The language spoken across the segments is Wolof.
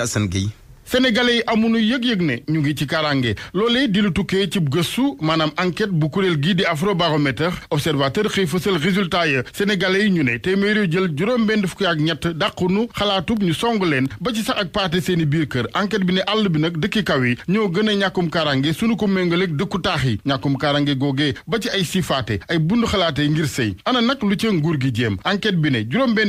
Assane Gueye sénégalais yi amuñu yëg-yëg ne ñu ngi ci karange loolee di lu tukkee ci gëstu maanaam enquête bu kuréel gii di afrobaromètre observateur xëy fësal résultat ya sénégalais yi ñu ne téeméeri jël juróom-benn fukki ak ñett dàqunu xalaatub ñu song leen ba ci sax ak paate seeni biir kër enquête bi ne àll bi nag dëkki kaw yi ñoo gën a ñàkkum karange sunu ko méngaleeg dëkku taax yi ñàkkum karange googee ba ci ay sifaate ay bund xalaatee ngir sëy ana nag lu ca nguur gi jéem enquête bi ne juróom-benn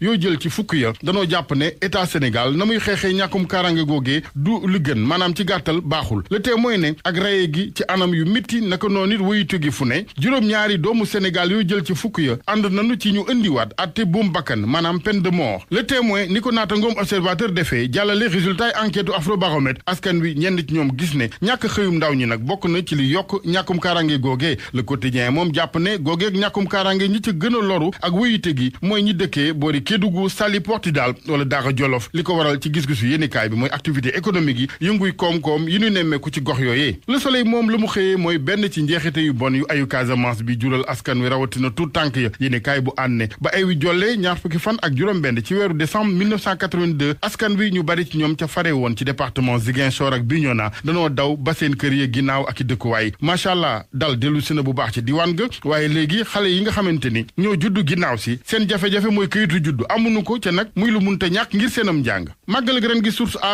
yoo jël ci fukk ya danoo jàpp ne état sénégal na muy xeexee ñàkkum karange kaaraange googee du li gën maanaam ci gàttal baaxul le tee mooy ne ak raye gi ci anam yu métti naka noonu it wayute gi fu ne juróom-ñaari doomu Sénégal yooyu jël ci fukk ya ànd nañu ci ñu indiwaat atte buum bakkan maanaam peine de mort le témoin ni ko naata ngoom observateur defee jàllale résultat yi enquête afrobaromètre askan wi ñenn ci ñoom gis ne ñàkk xëyum ndaw ñi nag bokk na ci li yokk ñàkkum kaaraange googee le quotidien moom jàpp ne googeeg ñàkkum kaaraange ñi ci a loru ak wayute gi mooy ñi dëkkee boori Kédougou Saly Portudal wala Daara Jolof li ko waral ci activité économique yi yënguy koom-koom yi ñu nemmeeku ci gox yooyee le soleil moom lu mu xëyee mooy benn ci njeexite yu bon yu ayu Casamance bi jural askan wi rawatina tu tànk ya yéene kaay bu ànne ba ay wi jollee ñaar fukki fan ak juróom-benn ci weeru décembre 1982 askan wi ñu bari ci ñoom ca fare woon ci département Ziguinchor ak Bignona danoo daw ba seen kër ya ginnaaw ak i dëkkuwaay macha allah dal dellu si na bu baax ci diwaan ga waaye léegi xale yi nga xamante ni ñoo juddu ginnaaw seen jafe-jafe mooy këyitu juddu amuñu ko ca nag muy lu munta ñàkk ngir seenam njàng màggal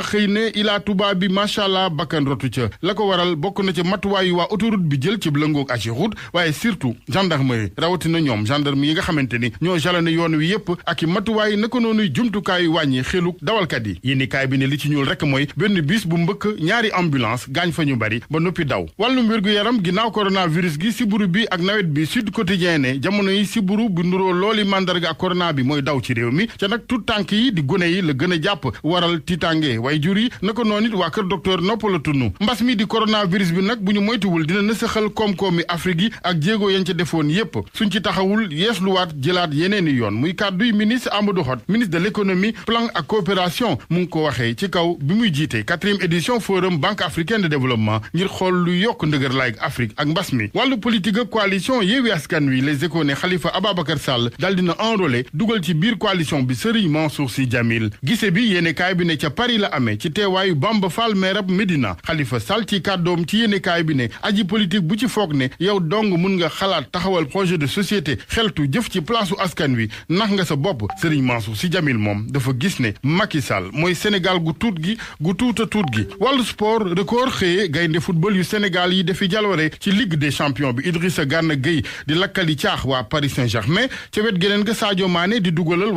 xëy ne Ila tubaab bi macha allah bakkan rotu ca la ko waral bokk na ca matuwaayu waa autoroute bi jël ci lëngoog Ageroute waaye surtout gendarmerie rawatina ñoom gendarme yi nga xamante ni ñoo jalone yoon wi yépp ak i matuwaay naka noonuy jumtukaayu wàññi xeluk dawalkat yi yéenikaay bi ne li ci ñuul rek mooy benn bis bu mbëkk ñaari ambulance gaañ fa ñu bari ba noppi daw wàllum wér-gu-yaram ginnaaw coronavirus gi siburu bi ak nawet bi sud quotidien ne jamono yi siburu bu nuroo looli mandarga ak bi mooy daw ci réew mi ca nag tout tànk yi di gone yi la gën a jàpp waral titange way jur yi naka noonu it waa kër docteur noppalatunnu mbas mi di coronavirus bi nag bu ñu moytuwul dina nësaxal koom-koomi Afrique yi ak jéego yañ ca defoon yépp suñ ci taxawul yeesluwaat jëlaat yeneeni yoon muy kàdduy ministre Amadou Hott ministre de l'économie plan ak coopération mu ngi ko waxee ci kaw bi muy jiite quatrième édition forum banque africaine de développement ngir xool lu yokk ndëgër laay Afrique ak mbas mi wàllu politique ak coalition Askan bi Serigne amee ci teewaayu Bamba Fall meerab Médina Khalifa Sall ci kàddoom ci yéenekaay bi ne aji politique bu ci foog ne yow dong mun nga xalaat taxawal projet de société xeltu jëf ci place u askan wi nax nga sa bopp Serigne Mansour si Djamil moom dafa gis ne Macky Sall mooy Sénégal gu tuut gi gu tuuta tuut gi wàllu sport record xëye gaynde football yu Sénégal yi defi jaloore ci Ligue des champions bi Idrissa Gana Gueye di lakkali caax waa Paris Saint-Germain ca wet geneen nga Sadio Mané di dugalal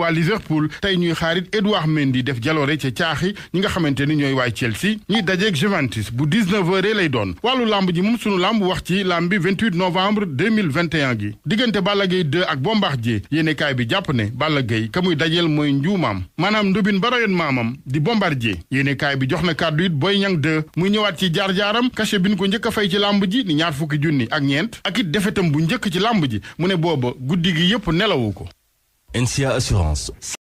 xamante ni ñooy waay Chelsea ñuy dajeeg Juventus bu 19h lay doon wàllu làmb ji moom sunu lamb wax ci lamb bi 28 novembre 2021 gi diggante Balla Gaye 2 ak Bombardier yéenekaay bi jàpp ne Balla Gaye ka muy dajeel mooy njuumaam maanaam ndubin barayoon maamam di Bombardier yéenekaay bi jox na kàddu it booy Niang 2 muy ñëwaat ci jaar-jaaram cachet bi ñu ko njëkk fay ci làmb ji ni ñaar fukki junni ak ñeent ak it defetam bu njëkk ci làmb ji mu ne booba guddi gi yépp nelawu ko NCA assurance